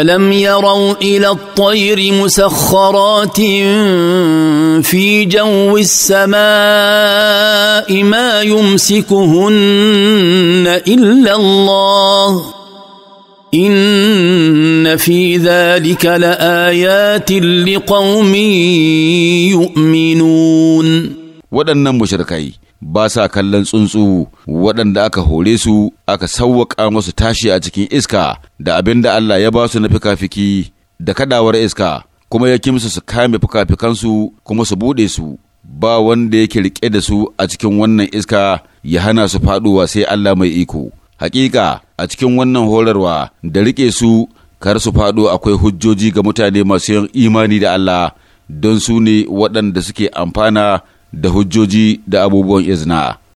الم يروا الى الطير مسخرات في جو السماء ما يمسكهن الا الله ان في ذلك لايات لقوم يؤمنون waɗannan mushrikai ba sa kallon tsuntsu waɗanda aka hore su aka sauwaƙa masu tashi a cikin iska da abin da Allah ya ba su na fikafiki da kadawar iska kuma ya kimsu su kame fikafikansu kuma su bude su ba wanda yake rike da su a cikin wannan iska ya hana su faduwa sai Allah mai iko hakika a cikin wannan horarwa da rike su kar su fado akwai hujjoji ga mutane masu yin imani da Allah don su ne waɗanda suke amfana da hujjoji da abubuwan izina.